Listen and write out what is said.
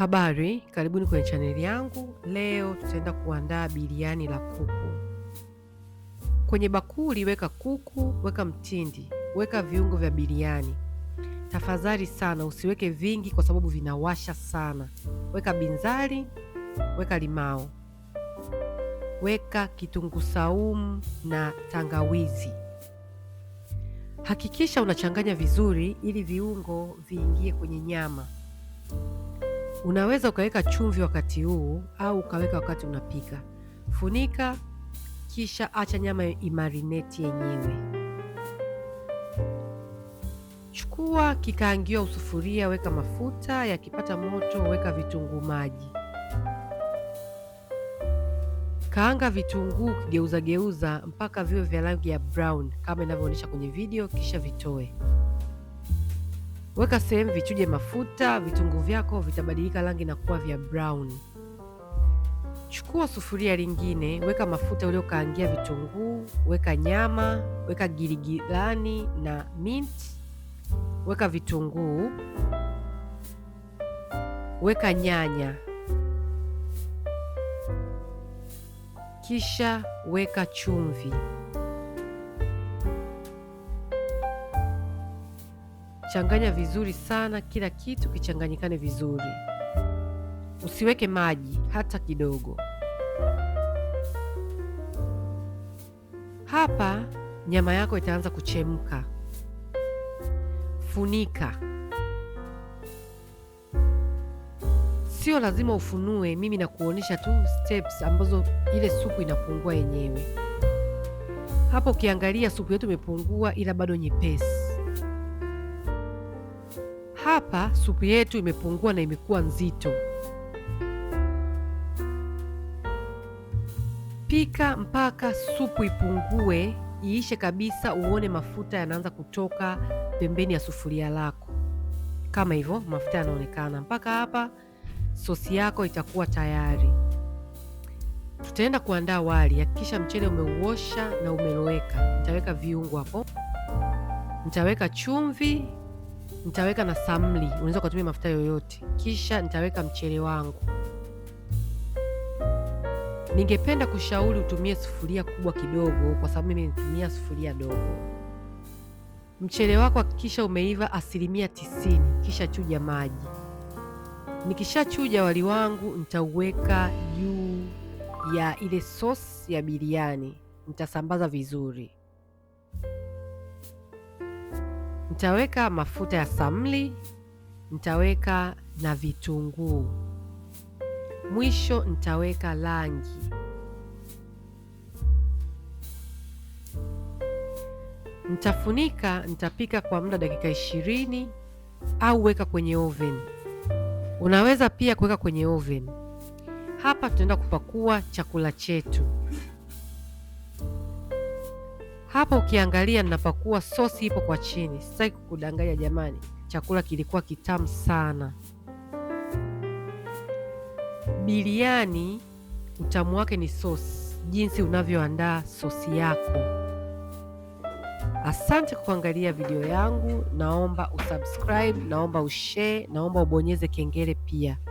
Habari, karibuni kwenye chaneli yangu. Leo tutaenda kuandaa biriani la kuku. Kwenye bakuli weka kuku, weka mtindi, weka viungo vya biriani. Tafadhali sana usiweke vingi kwa sababu vinawasha sana. Weka binzari, weka limao, weka kitunguu saumu na tangawizi. Hakikisha unachanganya vizuri ili viungo viingie kwenye nyama. Unaweza ukaweka chumvi wakati huu au ukaweka wakati unapika. Funika, kisha acha nyama imarineti yenyewe. Chukua kikaangio usufuria, weka mafuta. Yakipata moto, weka vitunguu maji. Kaanga vitunguu kigeuzageuza geuza mpaka viwe vya rangi ya brown kama inavyoonyesha kwenye video, kisha vitoe. Weka sehemu vichuje mafuta, vitunguu vyako vitabadilika rangi na kuwa vya brown. Chukua sufuria lingine, weka mafuta uliokaangia vitunguu, weka nyama, weka giligilani na mint, weka vitunguu, weka nyanya, kisha weka chumvi. Changanya vizuri sana, kila kitu kichanganyikane vizuri. Usiweke maji hata kidogo. Hapa nyama yako itaanza kuchemka. Funika. Sio lazima ufunue, mimi nakuonyesha tu steps ambazo ile supu inapungua yenyewe. Hapo ukiangalia supu yetu imepungua, ila bado nyepesi. Hapa supu yetu imepungua na imekuwa nzito. Pika mpaka supu ipungue, iishe kabisa, uone mafuta yanaanza kutoka pembeni ya sufuria lako. Kama hivyo, mafuta yanaonekana. Mpaka hapa sosi yako itakuwa tayari. Tutaenda kuandaa wali. Hakikisha mchele umeuosha na umeloweka. Nitaweka viungo hapo, nitaweka chumvi nitaweka na samli, unaweza ukatumia mafuta yoyote, kisha nitaweka mchele wangu. Ningependa kushauri utumie sufuria kubwa kidogo, kwa sababu mimi nitumia sufuria dogo. Mchele wako hakikisha umeiva asilimia tisini, kisha chuja maji. Nikishachuja wali wangu nitauweka juu ya ile sosi ya biriani, nitasambaza vizuri. Nitaweka mafuta ya samli, nitaweka na vitunguu. Mwisho nitaweka rangi. Nitafunika, nitapika kwa muda dakika ishirini au weka kwenye oven. Unaweza pia kuweka kwenye oven. Hapa tunaenda kupakua chakula chetu. Hapa ukiangalia ninapakuwa sosi ipo kwa chini. Sitaki kukudanganya jamani, chakula kilikuwa kitamu sana. Biriani utamu wake ni sosi, jinsi unavyoandaa sosi yako. Asante kwa kuangalia video yangu. Naomba usubscribe, naomba ushare, naomba ubonyeze kengele pia.